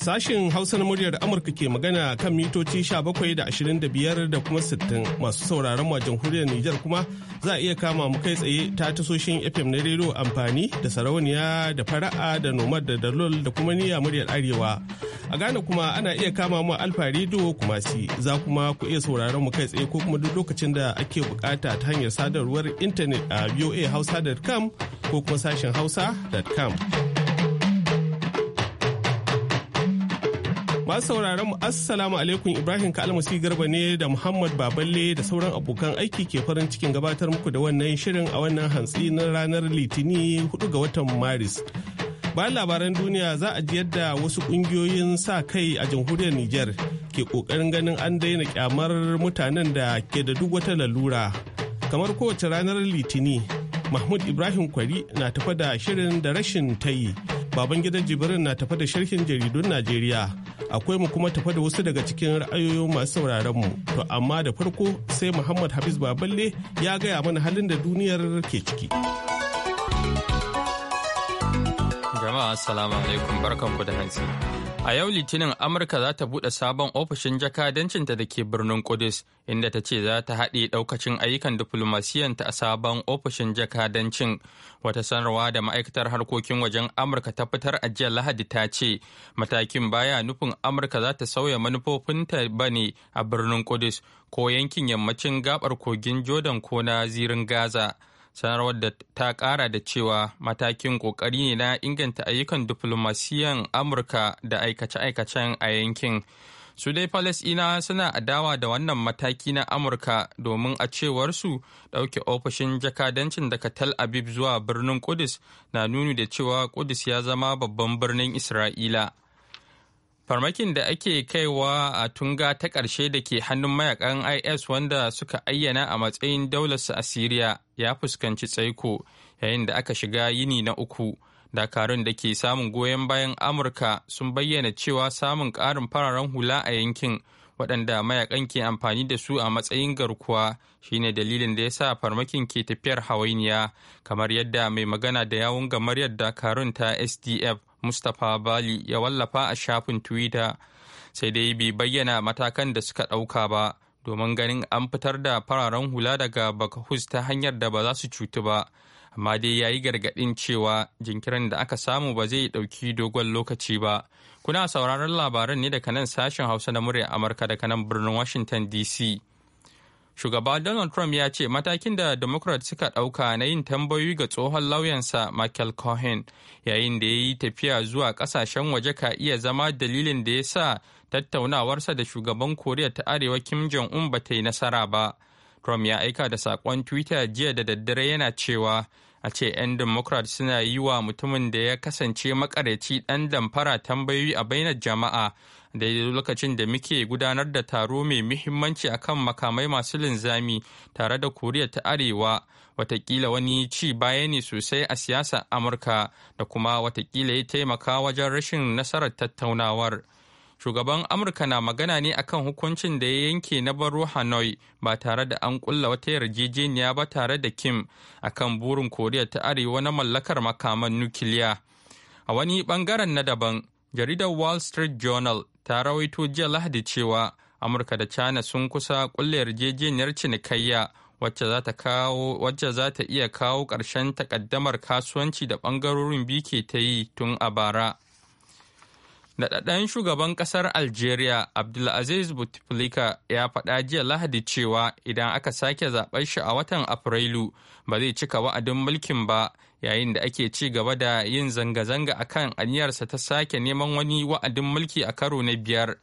Sashen Hausa na muryar Amurka ke magana kan mitoci 17 da 25 da kuma 60 masu sauraron mu a jamhuriyar Nijar kuma za a iya kama mu kai tsaye ta tasoshin FM na rero amfani da sarauniya da fara'a da nomad da dalol da kuma niyya muryar Arewa. A Ghana kuma ana iya kama mu Alfa Radio kuma si za kuma ku iya sauraron mu kai tsaye ko kuma duk lokacin da ake bukata ta hanyar sadarwar intanet a voahausa.com ko kuma sashen hausa.com. Ba sauraron mu Assalamu alaikum Ibrahim Kalmasi Garba ne da Muhammad Baballe da sauran abokan aiki ke farin cikin gabatar muku da wannan shirin a wannan hantsi na ranar Litini 4 ga watan Maris. Bayan labaran duniya za a ji yadda wasu kungiyoyin sa kai a jamhuriyar Niger ke kokarin ganin an daina kyamar mutanen da ke da duk wata lalura. Kamar kowace ranar Litini, Mahmud Ibrahim Kwari na tafa da shirin da rashin ta yi. baban gidan jibirin na tafa da sharhin jaridun najeriya akwai mu kuma tafa da wasu daga cikin ra'ayoyin masu sauraron mu to amma da farko sai muhammad hafiz baballe ya gaya mana halin da duniyar ke ciki jama'a assalamu alaikum barkanku da hantsi A yau Litinin Amurka za ta buɗe sabon ofishin jakadancinta da ke birnin Kudus, inda ta ce za ta haɗe ɗaukacin ayyukan diflomasiyanta a sabon ofishin jakadancin. Wata sanarwa da ma'aikatar harkokin wajen Amurka ta fitar a jiya Lahadi ta ce, matakin baya nufin Amurka za ta sauya manufofinta ba ne a birnin Kudus ko yankin yammacin gabar kogin Jordan ko na zirin Gaza. sanarwar da ta kara da cewa matakin kokari ne na inganta ayyukan diflomasiyan amurka da aikace-aikacen a yankin su dai palestina suna adawa da wannan mataki na amurka domin a cewar su ɗauke ofishin jakadancin daga tal abib zuwa birnin kudus na nuni da cewa kudus ya zama babban birnin isra'ila farmakin da ake kaiwa a tunga ta ƙarshe da ke hannun mayakan is wanda suka ayyana a matsayin daularsu a syria ya fuskanci tsaiko yayin da aka shiga yini na uku dakarun da ke samun goyon bayan amurka sun bayyana cewa samun ƙarin fararen hula a yankin waɗanda mayakan ke amfani da su a matsayin garkuwa shine dalilin da ya sa farmakin ke tafiyar hawainiya kamar yadda mai magana da yawun gamar yadda karun ta sdf mustapha bali ya wallafa a shafin twitter sai dai bai bayyana matakan da suka ɗauka ba domin ganin an fitar da fararen hula daga bakahus ta hanyar da ba za su cutu ba amma dai ya yi gargaɗin cewa jinkirin da aka samu ba zai ɗauki dogon lokaci ba kuna sauraron labaran ne daga nan sashen hausa na murya amurka daga nan birnin washington dc Shugaba Donald Trump ya ce matakin da Democrat suka ɗauka na yin tambayoyi ga tsohon lauyansa Michael Cohen yayin da ya yi tafiya zuwa ƙasashen waje ka iya zama dalilin da ya sa tattaunawarsa da shugaban Koriya ta Arewa Kim Jong-un ba ta yi nasara ba. Trump ya aika da saƙon Twitter jiya da daddare yana cewa a ce 'yan democrat suna yi wa mutumin da ya kasance makareci ɗan damfara tambayoyi a bainar jama'a daidai lokacin da muke gudanar da taro mai muhimmanci akan makamai masu linzami tare da koriya ta arewa watakila wani ci baya ne sosai a siyasar amurka da kuma watakila ya taimaka wajen rashin nasarar tattaunawar. shugaban amurka na magana ne akan hukuncin da ya yanke na baro hanoi ba tare da an kulla wata yarjejeniya ba tare da kim akan burin koriya ta arewa na mallakar makaman nukiliya a wani bangaren na daban jaridar wall street journal ta rawaito jiya lahadi cewa amurka da china sun kusa kulle yarjejeniyar cinikayya wacce za ta iya kawo ƙarshen takaddamar kasuwanci da ɓangarorin biyu ke ta yi tun a bara Naɗaɗɗen shugaban ƙasar Algeria Abdulaziz Bouteflika ya faɗa jiya Lahadi cewa idan aka sake zaɓar shi a watan Afrilu ba zai cika wa'adin mulkin ba yayin da ake ci gaba da yin zanga-zanga a kan aniyarsa ta sake neman wani wa'adin mulki a karo na biyar.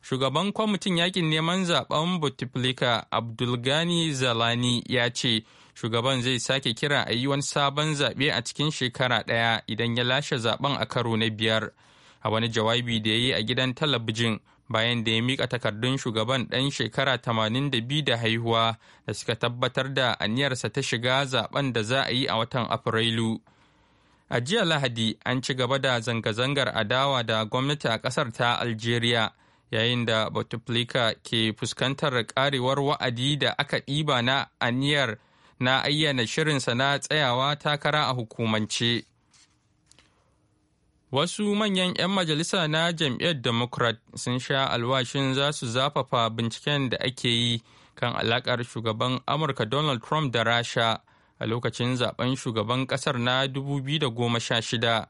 Shugaban kwamitin yakin neman zaɓen Bouteflika Abdulgani Zalani ya ce shugaban zai sake kira a yi wani sabon zaɓe a cikin shekara ɗaya idan ya lashe zaɓen a karo na biyar. a wani jawabi da ya yi a gidan talabijin bayan da ya mika takardun shugaban ɗan shekara 82 da haihuwa da suka tabbatar da aniyarsa ta shiga zaben da za a yi a watan afrilu a jiya lahadi an ci gaba da zanga-zangar adawa da gwamnati a ƙasar ta algeria yayin da bouteflika ke fuskantar karewar wa'adi da aka ɗiba na aniyar na ayyana shirinsa na tsayawa takara a hukumance Wasu manyan 'yan majalisa na jam'iyyar Democrat sun sha alwashin za su zafafa binciken da ake yi kan alakar shugaban Amurka Donald Trump da Rasha a lokacin zaben shugaban kasar na 2016.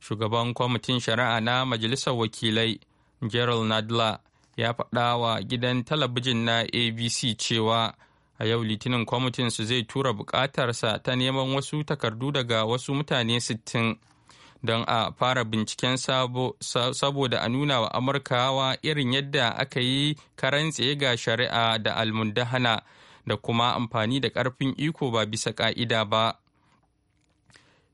Shugaban kwamitin shari'a na Majalisar Wakilai, Gerald Nadler, ya faɗa wa gidan talabijin na ABC cewa a yau litinin kwamitin su zai tura buƙatarsa ta neman wasu takardu daga wasu mutane sittin. don a fara binciken saboda a nuna wa amurkawa irin yadda aka yi karantse ga shari'a da almundahana da kuma amfani da ƙarfin iko ba bisa ƙa'ida ba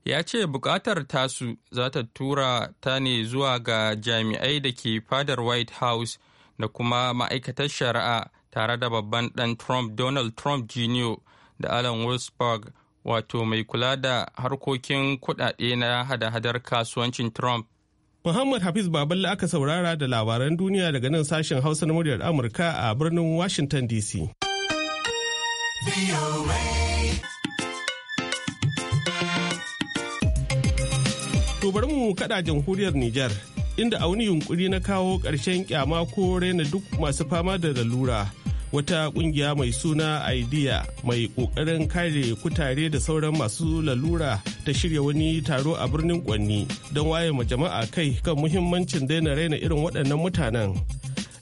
ya ce buƙatar tasu za ta tura ta ne zuwa ga jami'ai da ke fadar white house da kuma ma'aikatar shari'a tare da babban dan trump donald trump jr da alan wolfsburg wato mai kula da harkokin kuɗaɗe na hada-hadar kasuwancin Trump. Muhammad Hafiz Baballe aka saurara da labaran duniya daga nan sashen Hausa na muryar Amurka a birnin Washington DC. To bari mu kada jamhuriyar Nijar inda a wani yunkuri na kawo ƙarshen kyama ko raina duk masu fama da lalura. wata kungiya mai suna idea mai kokarin kare kutare da sauran masu lalura ta shirya wani taro a birnin kwanni don waye ma jama'a kai kan muhimmancin daina raina irin waɗannan mutanen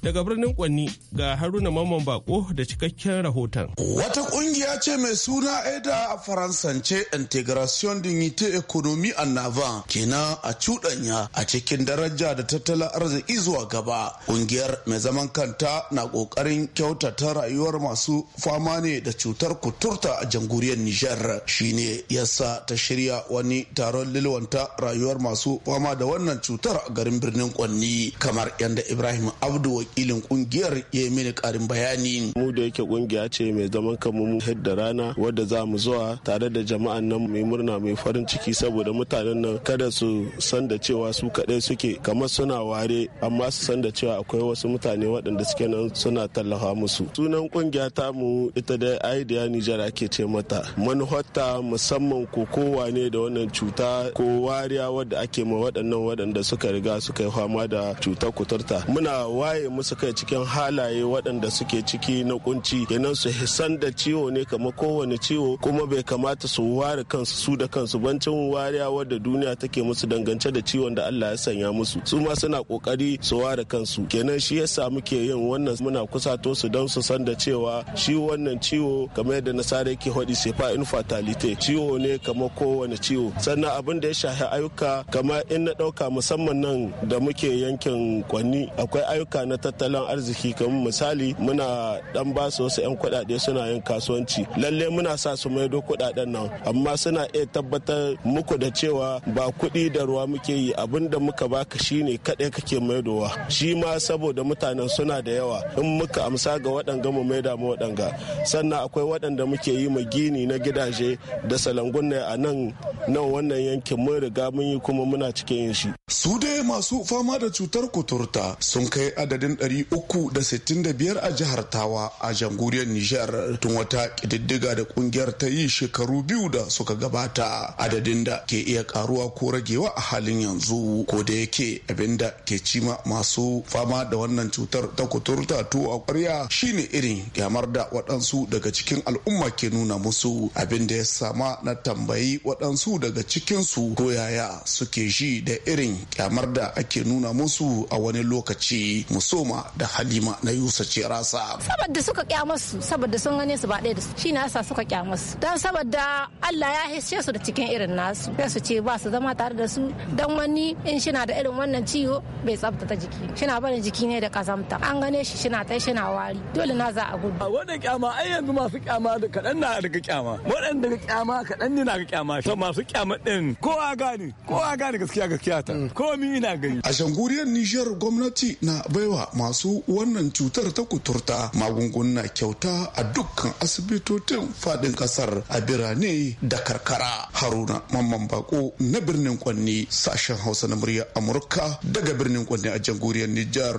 Daga birnin Kwanni ga Haruna Mamman Bako da cikakken rahoton. Wata kungiya ce mai suna Aida a Faransance Integration Dignité economy en Avant kenan a cuɗanya a cikin daraja da tattalin arziki zuwa gaba. Kungiyar mai zaman kanta na ƙoƙarin kyautata rayuwar masu fama ne da cutar kuturta a jamhuriyar Nijar shine yasa ta shirya wani taron lilwanta rayuwar masu fama da wannan cutar a garin birnin Kwanni kamar yadda Ibrahim Abdu ilin kungiyar ya mini karin bayani mu da yake kungiya ce mai zaman kanmu mu da rana wadda za mu zuwa tare da jama'an nan mai murna mai farin ciki saboda mutanen nan kada su san da cewa su kadai suke kamar suna ware amma su san da cewa akwai wasu mutane waɗanda suke nan suna tallafa musu sunan kungiya ta mu ita da idea nijar ake ce mata manufarta musamman ko kowa ne da wannan cuta ko wariya wadda ake ma waɗannan waɗanda suka riga suka yi fama da cutar kuturta muna waye musu kai cikin halaye waɗanda suke ciki na kunci kenan su hisan da ciwo ne kama kowane ciwo kuma bai kamata su ware kansu su da kansu bancin wariya wadda duniya take musu dangance da ciwon da Allah ya sanya musu su ma suna kokari su ware kansu kenan shi yasa muke yin wannan muna kusato su don su san da cewa shi wannan ciwo kamar yadda nasara yake hodi sefa fatalite ciwo ne kama kowane ciwo sannan abin da ya shafi ayyuka kama in na ɗauka musamman nan da muke yankin kwanni akwai ayyuka na ta. tattalin arziki kamar misali muna dan ba su wasu 'yan kuɗaɗe suna yin kasuwanci lalle muna sa su maido kuɗaɗen nan amma suna iya tabbatar muku da cewa ba kuɗi da ruwa muke yi abin da muka baka shine kaɗai kake maidowa shi ma saboda mutanen suna da yawa in muka amsa ga waɗanga mu maida mu waɗanga sannan akwai waɗanda muke yi mu gini na gidaje da salangun ne a nan nan wannan yankin mun riga mun yi kuma muna cikin yin shi su dai masu fama da cutar kuturta sun kai adadin 365 a jihar Tawa a jamhuriyar Nijar tun wata ƙididdiga da kungiyar ta yi shekaru biyu da suka gabata adadin da ke iya karuwa ko ragewa a halin yanzu ko da yake da ke cima masu fama da wannan cutar ta kuturta to a kwarya shine irin kyamar da waɗansu daga cikin al'umma ke nuna musu abin da ya sama na tambayi waɗansu daga cikinsu ko yaya suke ji da irin kyamar da ake nuna musu a wani lokaci muso Soma da Halima na Yusa ce rasa. Saboda suka kyamasu saboda sun gane su ba ɗaya da su shi na yasa suka kyamasu. Don saboda Allah ya hishe su da cikin irin nasu. Sai su ce ba su zama tare da su don wani in na da irin wannan ciwo bai tsabtata jiki. shi na barin jiki ne da kazamta. An gane shi shi na ta shi na wari. Dole na za a gudu. A wannan kyama ai yanzu masu kyama da kaɗan na daga kyama. Waɗanda daga kyama kaɗan ne na ga kyama. To masu kyama ɗin kowa gane kowa gane gaskiya gaskiya ta. Komi ina gani. A shanguriyar Nijar gwamnati na baiwa masu wannan cutar ta kuturta magunguna kyauta a dukkan asibitocin fadin kasar a birane da karkara haruna mamman bako na birnin kwanni sashen hausa na murya amurka daga birnin kwanni a jamhuriyar nijar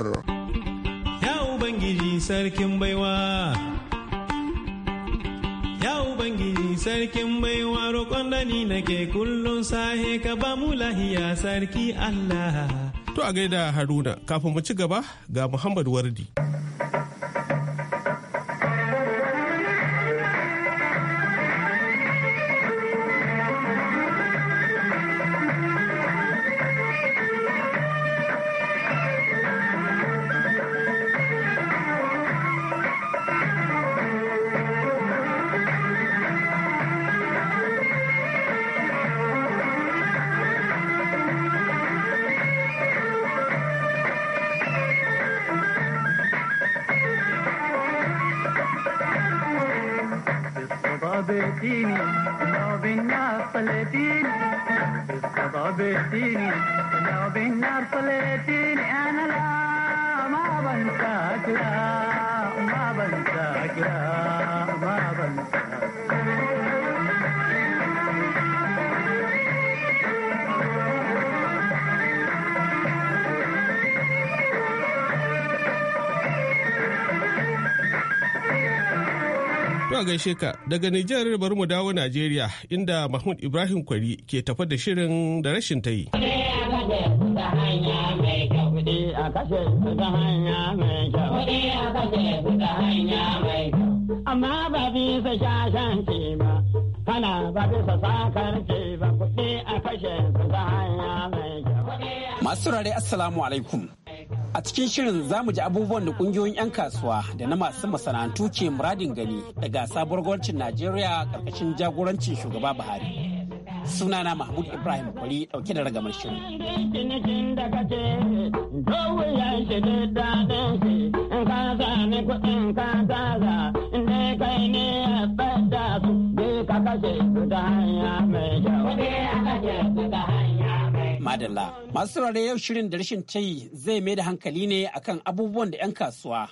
ya ubangiji sarkin baiwa Ya Ubangiji sarkin baiwa roƙon da ni nake kullum sahe ka ba mu lahiya sarki Allah. To a gaida Haruna kafin mu ci gaba ga Muhammad Wardi. gaishe ka daga Nijar bari mu dawo Najeriya inda Mahmud Ibrahim Kwari ke tafa da shirin da rashin ta yi. Amma ba ba, kana ba ba kuɗi a kashe Masu rare Assalamu alaikum. A cikin shirin za mu ji abubuwan da kungiyoyin 'yan kasuwa da na masu masana'antu ke muradin gani daga sabuwar gwamnatin Najeriya karkashin jagorancin shugaba Buhari. Sunana Mahmud Ibrahim Kwari dauke da ragamar shirin. ka kashe su ta hanya mai kyau. su ta Madalla. Masu saurare yau shirin da rashin tayi zai mai da hankali ne akan abubuwan da 'yan kasuwa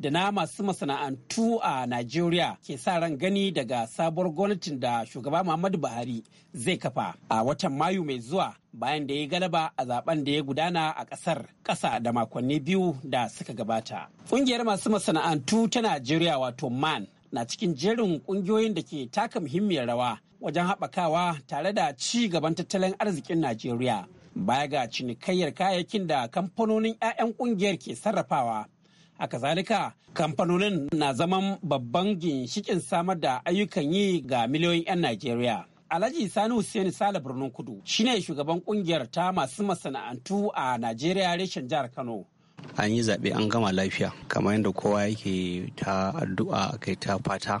da na masu masana'antu a Najeriya ke sa ran gani daga sabuwar gwamnatin da shugaba Muhammadu Buhari zai kafa a watan Mayu mai zuwa bayan da ya galaba a zaben da ya gudana a ƙasar ƙasa da makonni biyu da suka gabata. Ƙungiyar masu masana'antu ta Najeriya wato MAN na cikin jerin ƙungiyoyin da ke taka muhimmiyar rawa wajen haɓakawa tare da ci gaban tattalin arzikin Najeriya. baya ga cinikayyar kayayyakin da kamfanonin 'ya'yan kungiyar ke sarrafawa a kazalika kamfanonin na zaman babban ginshikin samar da ayyukan yi ga miliyoyin 'yan najeriya alhaji sani hussein sale birnin kudu shine shugaban kungiyar ta masu masana'antu a najeriya reshen jihar kano an yi zaɓe an gama lafiya kamar yadda kowa yake ta addu'a kai ta fata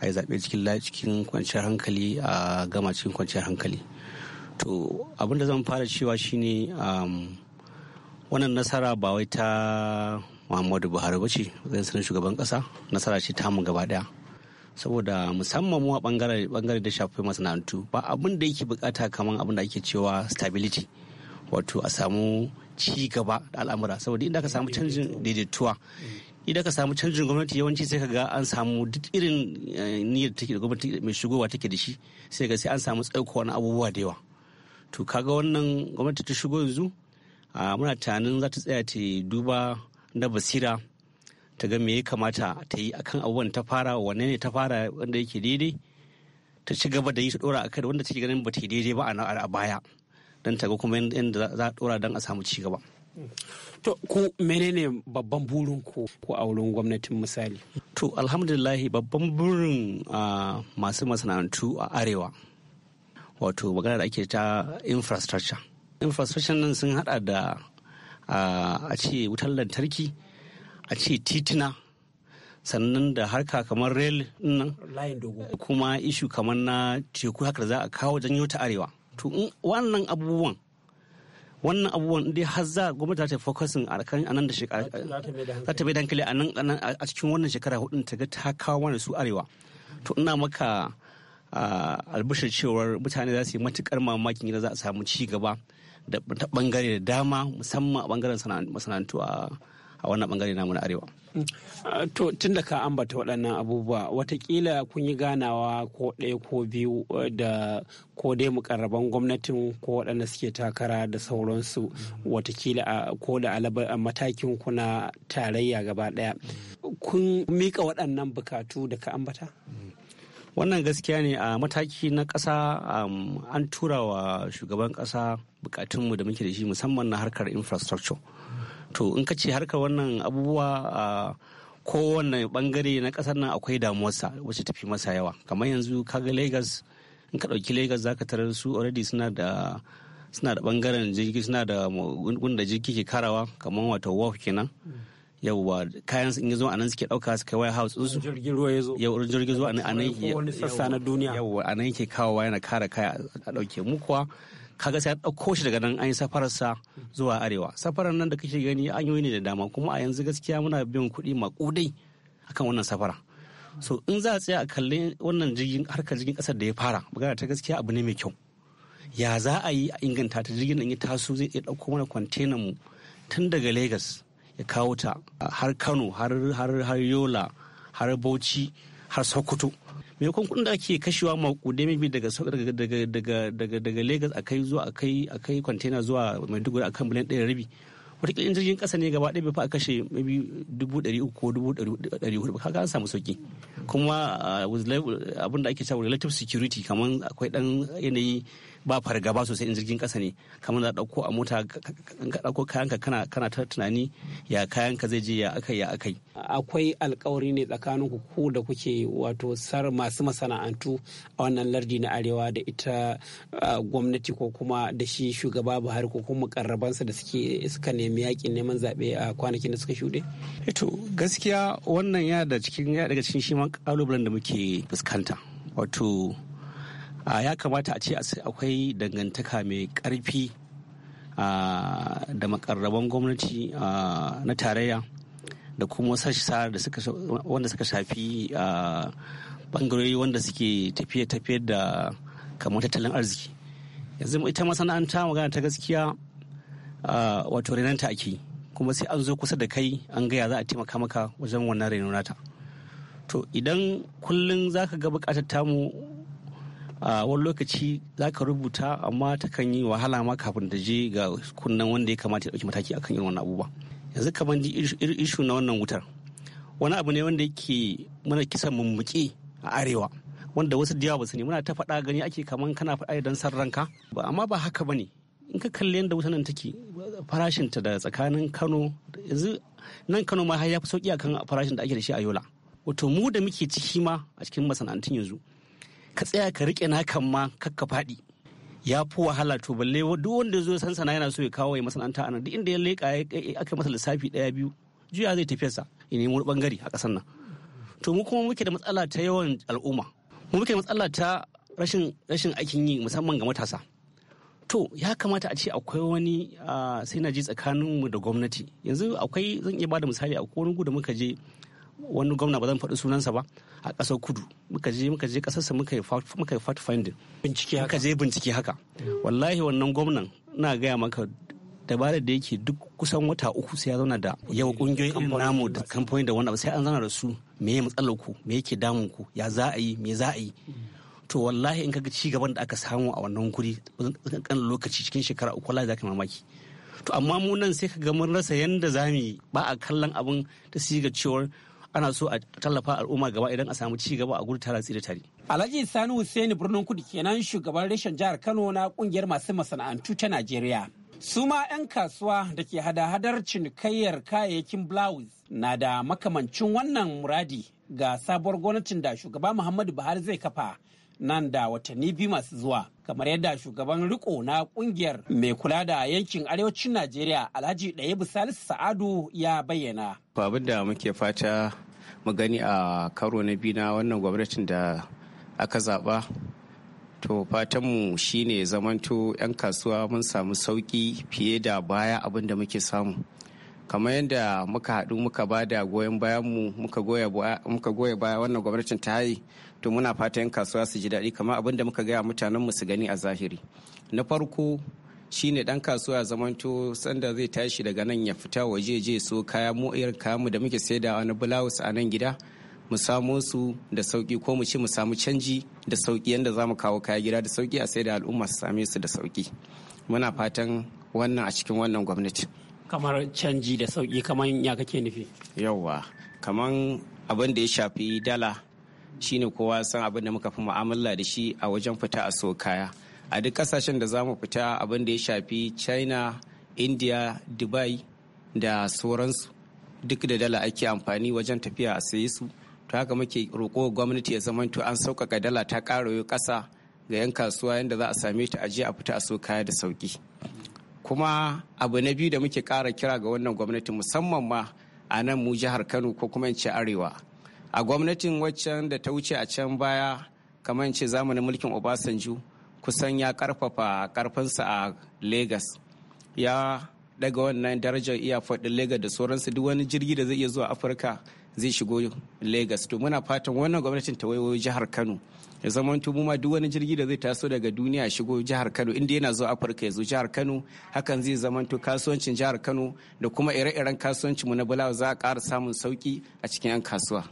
a yi zaɓe cikin kwanciyar hankali a gama cikin kwanciyar hankali to abin da zan fara cewa shine um, wannan nasara ba wai ta muhammadu buhari ba ce zai sanin shugaban kasa nasara ce ta mu gaba daya saboda musamman mu a bangare da shafi masana'antu ba abin da yake bukata kamar abin da ake cewa stability wato a samu ci gaba da al'amura saboda inda aka samu canjin daidaituwa idan ka samu canjin gwamnati yawanci sai ka ga an samu duk irin eh, niyyar take da gwamnati mai shigowa take da shi sai ga sai an samu tsaiko wani abubuwa da yawa to kaga wannan gwamnati ta shigo yanzu muna tunanin za ta tsaya ta duba na basira ta ga me ya kamata ta yi akan abubuwan ta fara wanne ne ta fara wanda yake daidai ta ci gaba da yi ta dora a kai wanda take ganin ba ta daidai ba a baya don ta ga kuma yadda za a dora don a samu ci gaba. To ku menene babban burin ku ko a wurin gwamnatin misali? To alhamdulillahi babban burin masu masana'antu a arewa wato magana da ake ta infrastructure infrastructure nan sun hada da a ce wutar lantarki a ce titina sannan da harka kamar rail nan kuma ishu kamar na teku haka da za a kawo janyo ta arewa to wannan abubuwan wannan abubuwan dai har za gwamnati ta focusin a kan anan da shekara za ta mai dankali a a cikin wannan shekara hudun ta ga ta kawo mana su arewa to ina maka albishir cewar mutane za su yi matukar mamakin gida za a samu ci gaba da ta bangare da dama musamman a bangaren masana'antu a wannan bangare namu na arewa. To tun da ka ambata waɗannan abubuwa watakila kun yi ganawa ko ɗaya ko biyu eh, da ko dai mukarraban gwamnatin ko waɗanda suke takara da sauransu watakila ko da a matakin kuna tarayya gaba ɗaya. Kun mika waɗannan bukatu da ka ambata? wannan gaskiya ne a mataki na ƙasa an tura wa shugaban ƙasa bukatunmu da muke da shi musamman na harkar infrastructure to in ka ce harkar wannan abubuwa a kowane bangare na ƙasar nan akwai damuwarsa wacce tafi masa yawa kamar yanzu kaga lagos in ka ɗauki lagos za ka tarar su already suna da suna da bangaren jirgi suna da gunda jirgi ke karawa kamar wato wharf kenan yauwa kayan in yi zo a nan suke ɗauka su kai white house su jirgin ruwa ya zo jirgin ruwa a nan yake sassa na duniya yauwa a nan yake kawowa yana kare kaya a ɗauke mu kuwa kaga sai ɗauko shi daga nan an yi safararsa zuwa arewa safarar nan da kake gani an yi ne da dama kuma a yanzu gaskiya muna biyan kuɗi maƙudai akan wannan safara so in za a tsaya a kalli wannan jirgin harkar jirgin ƙasar da ya fara magana ta gaskiya abu ne mai kyau ya za a yi a inganta ta jirgin nan ya taso zai iya ɗauko mana kwantenan mu tun daga lagos ya kawo ta har kano har yola har bauchi har sokoto maimakon kuɗin da ake kashewa maƙudai mai daga daga lagos a kai zuwa a kai kwantena zuwa maiduguri a kan miliyan ɗaya rabi wataƙila in jirgin ƙasa ne gaba ɗaya bai fa a kashe maybe dubu ɗari uku ko dubu ɗari hudu kaga an samu sauƙi kuma uh, abin da ake cewa relative security kamar akwai ɗan yanayi ba fargaba sosai in jirgin kasa ne kamar da ɗauko a mota ka ɗauko kayanka kana kana ta tunani ya kayanka zai je ya akai ya akai akwai alkawari ne tsakanin ku ko da kuke wato sar masu masana'antu a wannan lardi na arewa da ita gwamnati ko kuma da shi shugaba Buhari ko kuma karrabansa da suke suka nemi yakin neman zaɓe a kwanakin da suka shuɗe eh to gaskiya wannan ya da cikin ya daga cikin shi ma kalubalen da muke fuskanta wato ya kamata a ce akwai dangantaka mai karfi da makarraban gwamnati na tarayya da kuma sa'ar wanda suka shafi bangarori wanda suke tafiye-tafiye da kamar tattalin arziki yanzu ita masana'anta magana ta gaskiya wato renanta ake kuma sai an zo kusa da kai an gaya za a taimaka maka wajen wannan renonata to idan kullum za ka ga bukatar tamu A wani lokaci za ka rubuta amma takan yi wahala ma kafin ta je ga kunnen wanda ya kamata ya dauki mataki akan irin wannan abubuwa yanzu kamar ishu na wannan wutar wani abu ne wanda yake mana kisan mummuke a arewa wanda wasu da yawa ba su ne muna ta faɗa gani ake kaman kana faɗa idan san ranka ba amma ba haka ba ne. in ka kalli yadda wutar nan take farashinta da tsakanin Kano yanzu nan Kano ma har ya fi sauki akan farashin da ake da shi a Yola wato mu da muke ciki ma a cikin masana'antun yanzu ka tsaya ka rike kan ma kakka faɗi ya fi wahala to balle duk wanda zo san sana yana so ya kawo ya masana'anta a nan. duk inda ya leƙa aka masa lissafi ɗaya biyu juya zai tafi sa ya nemi wani bangare a ƙasar nan to mu kuma muke da matsala ta yawan al'umma mu muke matsala ta rashin rashin aikin yi musamman ga matasa to ya kamata a ce akwai wani sai na ji tsakaninmu da gwamnati yanzu akwai zan iya ba da misali akwai wani da muka je wani gwamna ba zan faɗi sunansa ba a ƙasar kudu muka je muka je ƙasarsa muka yi muka yi finding bincike haka je bincike haka wallahi wannan gwamnan na gaya maka dabarar da yake duk kusan wata uku sai ya zauna da yau kungiyoyin namu da kamfani da wanda sai an zauna da su me ya matsalar ku me yake damun ku ya za a yi me za a yi to wallahi in kaga ci gaban da aka samu a wannan guri kan lokaci cikin shekara uku wallahi zaka mamaki to amma mu nan sai ka ga mun rasa yanda zamu ba a kallon abin ta siga cewar ana so a tallafa al'umma gaba idan a samu ci gaba a gudu tara da tare. Alhaji Sani Hussein birnin kudu kenan shugaban reshen jihar Kano na kungiyar masu masana'antu ta Najeriya. Su ma 'yan kasuwa da ke hada-hadar cinikayyar kayayyakin blouse na da makamancin wannan muradi ga sabuwar gwamnatin da shugaba Muhammadu Buhari zai kafa nan da watanni biyu masu zuwa kamar yadda shugaban riko na kungiyar mai kula da yankin arewacin najeriya alhaji ɗaya salisu sa'adu ya bayyana abin da muke fata mu gani a karo na biyu na wannan gwamnatin da aka zaɓa to fatanmu shine zamanto 'yan kasuwa mun samu sauƙi fiye da baya abin da muke samu kamar yadda muka haɗu muka ba da goyon bayanmu muka goya baya wannan gwamnatin ta yi to muna fata yan kasuwa su ji daɗi kamar abin da muka gaya mutanenmu su gani a zahiri na farko shine dan kasuwa zamanto sanda zai tashi daga nan ya fita waje je so kaya mu irin kaya mu da muke saidawa na bulawus a nan gida mu samo su da sauki ko mu ce mu samu canji da sauki yadda za mu kawo kaya gida da sauki a saida al'umma su same su da sauki muna fatan wannan a cikin wannan gwamnati kamar canji da sauki kamar ya kake nufi yauwa kamar abin da ya shafi dala shine kowa san abin da muka fi mu'amala da shi a wajen fita a so kaya a duk kasashen da za mu fita abin da ya shafi china india dubai da sauransu duk da dala ake amfani wajen tafiya a saye su to haka muke roƙo gwamnati ya zama zamanto an sauƙaƙa dala ta ƙaro ƙasa ga 'yan kasuwa yadda za a same ta ajiye a fita a so kaya da sauki. kuma abu na biyu da muke kara kira ga wannan gwamnati musamman ma a nan mu jihar kano ko kuma ce arewa a gwamnatin waccan da ta wuce a can baya kamar ce zamanin mulkin obasanjo kusan ya karfafa karfinsa a Legas ya daga wannan darajar airport din Lagos da sauransu duk wani jirgi da zai iya zuwa Afirka zai shigo Lagos to muna fatan wannan gwamnatin ta wayo jihar Kano ya zama mu ma duk wani jirgi da zai taso daga duniya shigo jihar Kano inda yana zuwa Afirka ya zo jihar Kano hakan zai zama to kasuwancin jihar Kano da kuma ire-iren kasuwanci mu na Bulawa za a ƙara samun sauki a cikin 'yan kasuwa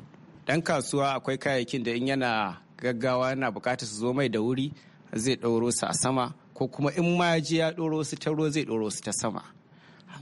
dan kasuwa akwai kayayyakin da in yana gaggawa yana bukatar su zo mai da wuri zai ɗauro su a sama ko kuma in ma ya je ya ɗoro su ta ruwa zai ɗoro su ta sama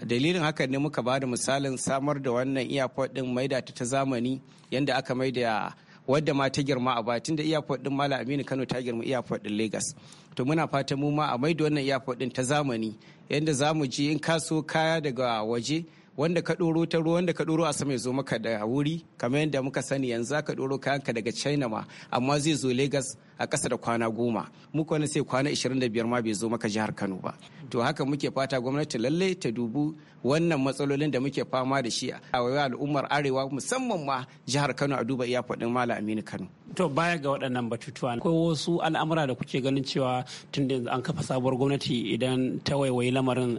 dalilin haka ne muka bada misalin samar da wannan airport din maida ta ta zamani yadda aka maida wadda ma ta girma a batun da airport din Malam Aminu Kano ta girma airport din Lagos to muna fata mu ma a maida wannan airport din ta zamani yadda za mu je in kaso kaya daga waje wanda ka ɗoro ta ruwa wanda ka ɗoro a sama ya zo maka da wuri kamar yadda muka sani yanzu ka kayan ka daga china ma amma zai zo lagos a ƙasa da kwana goma muku wani sai kwana 25 ma bai zo maka jihar kano ba to haka muke fata gwamnati lalle ta dubu wannan matsalolin da muke fama da shi a wayo al'ummar arewa musamman ma jihar kano a duba iya faɗin malam aminu kano to baya ga waɗannan batutuwa akwai wasu al'amura da kuke ganin cewa tun da an kafa sabuwar gwamnati idan ta waiwayi lamarin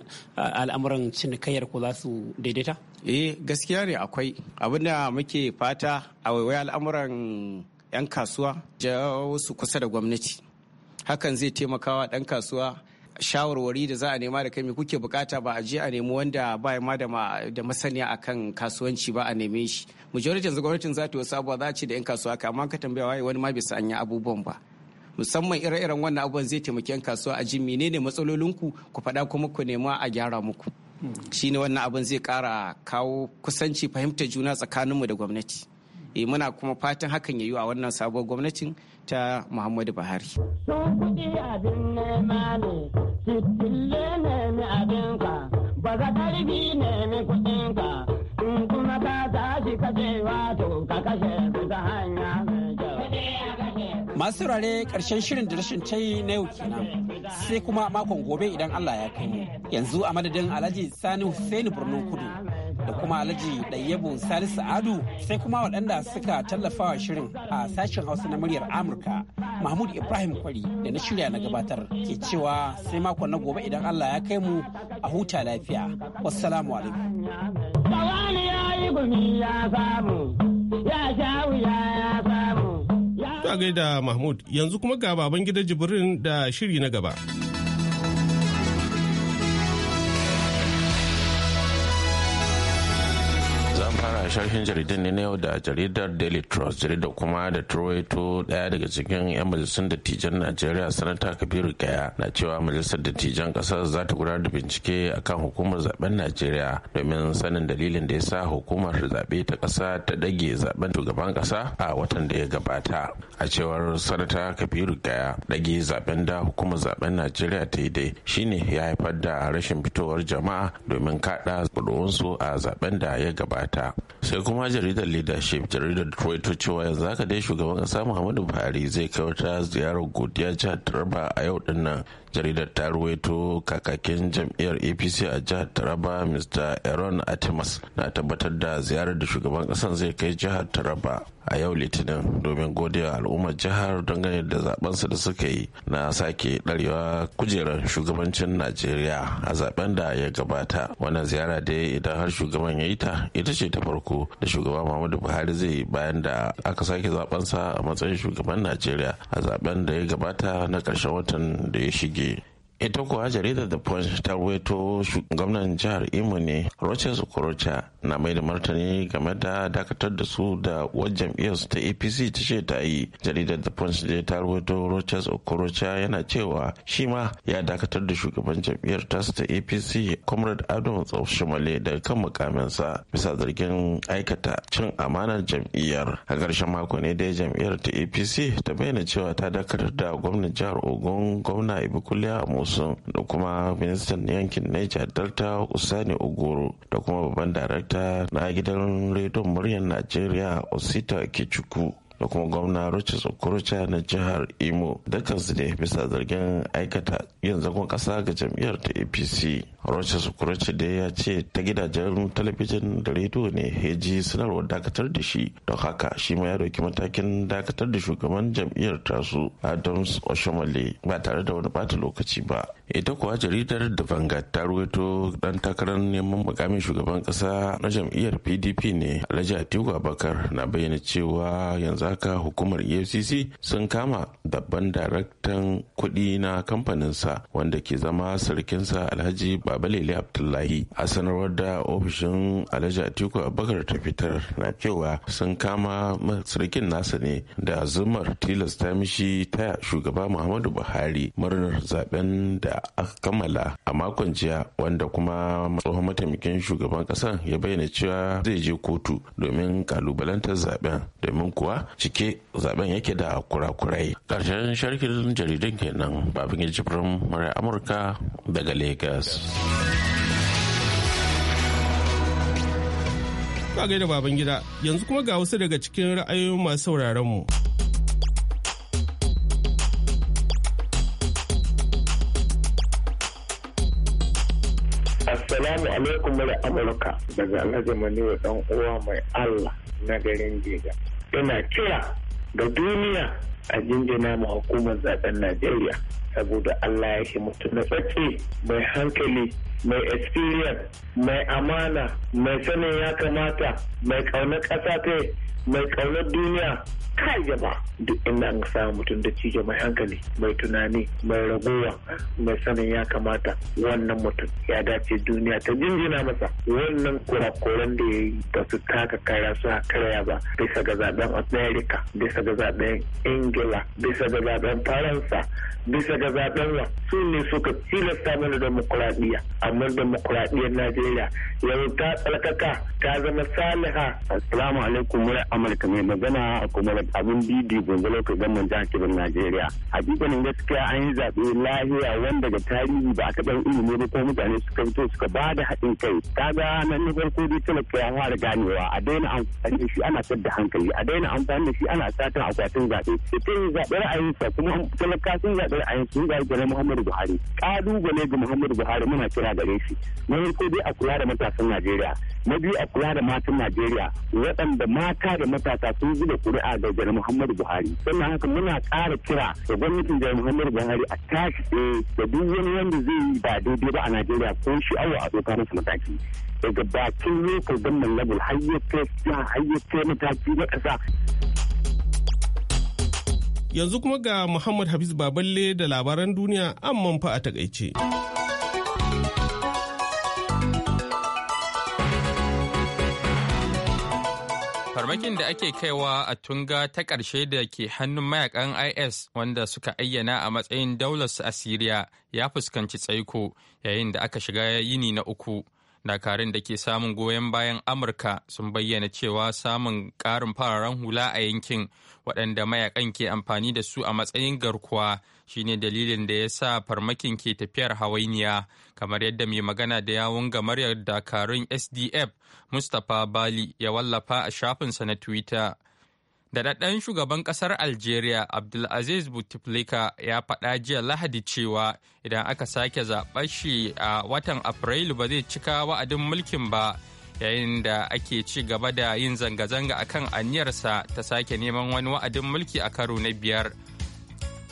al'amuran cinikayyar ku za su daidaita eh gaskiya ne akwai abinda muke fata a waiwayi al'amuran 'yan kasuwa jawo su kusa da gwamnati hakan zai taimakawa ɗan kasuwa shawarwari da za a nema da kai me kuke bukata ba a je a nemi wanda ba ya ma da masaniya kan kasuwanci ba a neme shi majority yanzu gwamnatin za ta wasu abubuwa za a ce da yan kasuwa ka amma ka tambaya waye wani ma bai san abubuwan ba musamman ire-iren wannan abubuwan zai taimaki yan kasuwa a ji menene matsalolinku ku faɗa kuma ku nema a gyara muku hmm. shine wannan abun zai kara kawo kusanci fahimtar juna tsakaninmu da gwamnati e, muna kuma fatan hakan ya yi a wannan sabuwar gwamnatin ta muhammadu buhari ka tashi ka kashe Masu rare karshen shirin da rashin tayi na yau kenan sai kuma makon gobe idan Allah ya kai Yanzu a madadin Alhaji Sani Hussein Birnin Kudu da kuma Alhaji Ɗayyabu Salisu Adu sai kuma waɗanda suka tallafawa shirin a sashen Hausa na muryar Amurka. Mahmud Ibrahim Kwari da na shirya na gabatar ke cewa sai makon na gobe idan Allah ya kai mu a huta lafiya. Wassalamu alaikum. Ta gaida Mahmud yanzu kuma ga baban gida Jibrin da shiri na gaba. Sashen jaridar ne na yau da jaridar daily trust jaridar kuma da troito daya daga cikin 'yan majalisar dattijan najeriya sanata kabiru kaya na cewa majalisar dattijan kasar za ta gudanar da bincike akan hukumar zaben najeriya domin sanin dalilin da ya sa hukumar zaɓe ta kasa ta dage zaben shugaban kasa a watan da ya gabata a cewar sanata kabiru kaya dage zaben da hukumar zaben najeriya ta yi dai shine ya haifar da rashin fitowar jama'a domin kaɗa ƙuri'unsu a zaben da ya gabata sai kuma jaridar leadership jaridar Detroit cewa yanzu haka dai shugaban kasa Muhammadu Buhari zai kai wata ziyarar godiya jihar Taraba a yau dinnan. jaridar ta ruwaito kakakin jam'iyyar apc a jihar taraba mr aaron atimas na tabbatar da ziyarar da shugaban kasan zai kai jihar taraba a yau litinin domin godiya al'ummar jihar dangane da zabensu da suka yi na sake ɗarewa kujerar shugabancin najeriya a zaben da ya gabata wannan ziyara da idan har shugaban ya yi ta ita ce ta farko da shugaban muhammadu buhari zai yi bayan da aka sake zabensa a matsayin shugaban najeriya a zaben da ya gabata na ƙarshen watan da ya shige Maggie. ita kuwa jaridar the punch ta ruwaito gwamnan jihar imo ne rochas okorocha na mai da martani game da dakatar da su da wajen su ta apc ta ce ta yi jaridar the punch da ta ruwaito rochas okorocha yana cewa shi ma ya dakatar da shugaban jam'iyyar tasu ta apc comrade adam tsoshimale da kan mukaminsa bisa zargin aikata cin amanar jam'iyyar a ƙarshen mako ne dai jam'iyyar ta apc ta bayyana cewa ta dakatar da gwamnan jihar ogun gwamna ibikulya musa Johnson da kuma ministan yankin Niger Delta Usani Ogoro da kuma babban darakta na gidan rediyon muryar Najeriya Osita Kichuku da kuma gwamna Rochas Okorocha na jihar Imo dukansu ne bisa zargin aikata yin zagon kasa ga jam'iyyar ta APC. Rochas Okorocha da ya ce ta gidajen talabijin da rediyo ne heji sanarwar dakatar da shi don haka shi ma ya dauki matakin dakatar da shugaban jam'iyyar tasu Adams Oshomale ba tare da wani bata lokaci ba. Ita kuwa jaridar da Vanguard ta ruwaito dan takarar neman mukamin shugaban kasa na jam'iyyar PDP ne Alhaji Atiku Abakar, na bayyana cewa yanzu haka hukumar efcc sun kama dabban daraktan kuɗi na kamfaninsa wanda ke zama sarkinsa alhaji babalele abdullahi a sanarwar da ofishin alhaji atiku abubakar ta fitar na cewa sun kama sarkin nasa ne da zumar tilasta mishi ta shugaba muhammadu buhari murnar zaben da aka kammala a makon jiya wanda kuma tsohon mataimakin shugaban ƙasa ya bayyana cewa zai je kotu domin kalubalantar zaben domin kuwa cike zaben yake da kurakurai ƙarshen sharkin jaridun kenan babin jibrin murai amurka daga lagos ba gaida baban gida yanzu kuma ga wasu daga cikin ra'ayoyin masu sauraron mu Assalamu alaikum da Amurka daga Alhaji maliyu dan uwa mai Allah na garin Jega. ina kira ga duniya a jinjina ma hukumar zaɓen najeriya saboda allah ya mutu na tsatse mai hankali mai experience mai amana mai sanin ya kamata mai ƙaunar ƙasa ta mai ƙaunar duniya kai jama duk inda an samu mutum da cijo mai hankali mai tunani mai ragowa mai sanin ya kamata wannan mutum ya dace duniya ta jinjina masa wannan kurakuran da ya yi ba su taka kara su karya ba bisa ga zaben america bisa ga zaben ingila bisa ga zaben faransa bisa ga zaben wa su ne suka tilasta mana demokuraɗiyya amma demokuraɗiyyar najeriya yanzu ta tsarkaka ta zama saliha assalamu alaikum amurka mai magana a kuma abin didi gonzalo ka gaman jihar kebin najeriya hakikanin gaskiya an yi zaɓe lahiya wanda da tarihi ba a taɓa ilimi ba ko mutane suka fito suka ba da haɗin kai kaga nan na farko dai kai a fara ganewa a daina amfani da shi ana da hankali a daina amfani da shi ana satan akwatin zaɓe ta yi zaɓe ra'ayinsa kuma talaka sun zaɓe ra'ayin sun zaɓe gare muhammadu buhari ƙalubale ga muhammadu buhari muna kira gare shi na farko dai a kula da matasan najeriya na biyu a kula da matan najeriya waɗanda mata da matasa sun zuba kuri'a ga jana muhammadu buhari sannan haka muna ƙara kira da gwamnatin jana muhammadu buhari a tashi tsaye da duk wani wanda zai yi ba daidai ba a najeriya ko shi awa a doka masa mataki daga bakin lokal gwamnan labul hayyace ya mataki na ƙasa. Yanzu kuma ga Muhammad Hafiz Baballe da labaran duniya amman fa a takaice. farmakin da ake kaiwa a tunga ta ƙarshe da ke hannun mayakan is wanda suka ayyana a matsayin su a siriya ya fuskanci tsaiko yayin da aka shiga yini na uku dakarun da ke samun goyon bayan amurka sun bayyana cewa samun ƙarin fararen hula a yankin waɗanda mayakan ke amfani da su a matsayin garkuwa shine dalilin da ya sa farmakin ke tafiyar hawainiya kamar yadda mai magana da yawon gamar dakarun sdf mustapha bali ya wallafa a shafinsa na twitter daɗaɗɗen shugaban ƙasar algeria abdulaziz bouteflika ya faɗa jiya lahadi cewa idan aka sake zaɓar shi a watan afrilu ba zai cika wa'adin mulkin ba yayin da ake ci gaba da yin zanga-zanga akan aniyarsa ta sake neman wani wa'adin mulki a karo na biyar.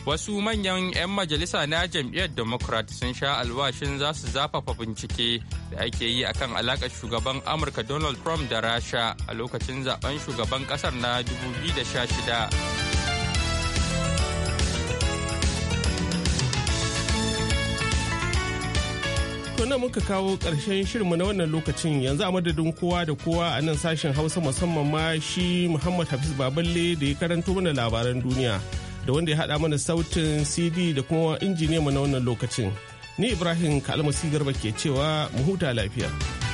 wasu manyan 'yan majalisa na jam'iyyar democrat sun sha alwashin za su zafafa bincike da ake yi akan alakar shugaban amurka donald trump da rasha a lokacin zaben shugaban kasar na 2016 na muka kawo ƙarshen shirinmu na wannan lokacin yanzu a madadin kowa da kowa a nan sashen hausa musamman ma shi muhammad hafiz baballe da ya karanto mana labaran duniya da wanda ya haɗa mana sautin CD da kuma injiniya na wannan lokacin. Ni Ibrahim Kalmasi Garba ke cewa mu huta lafiya.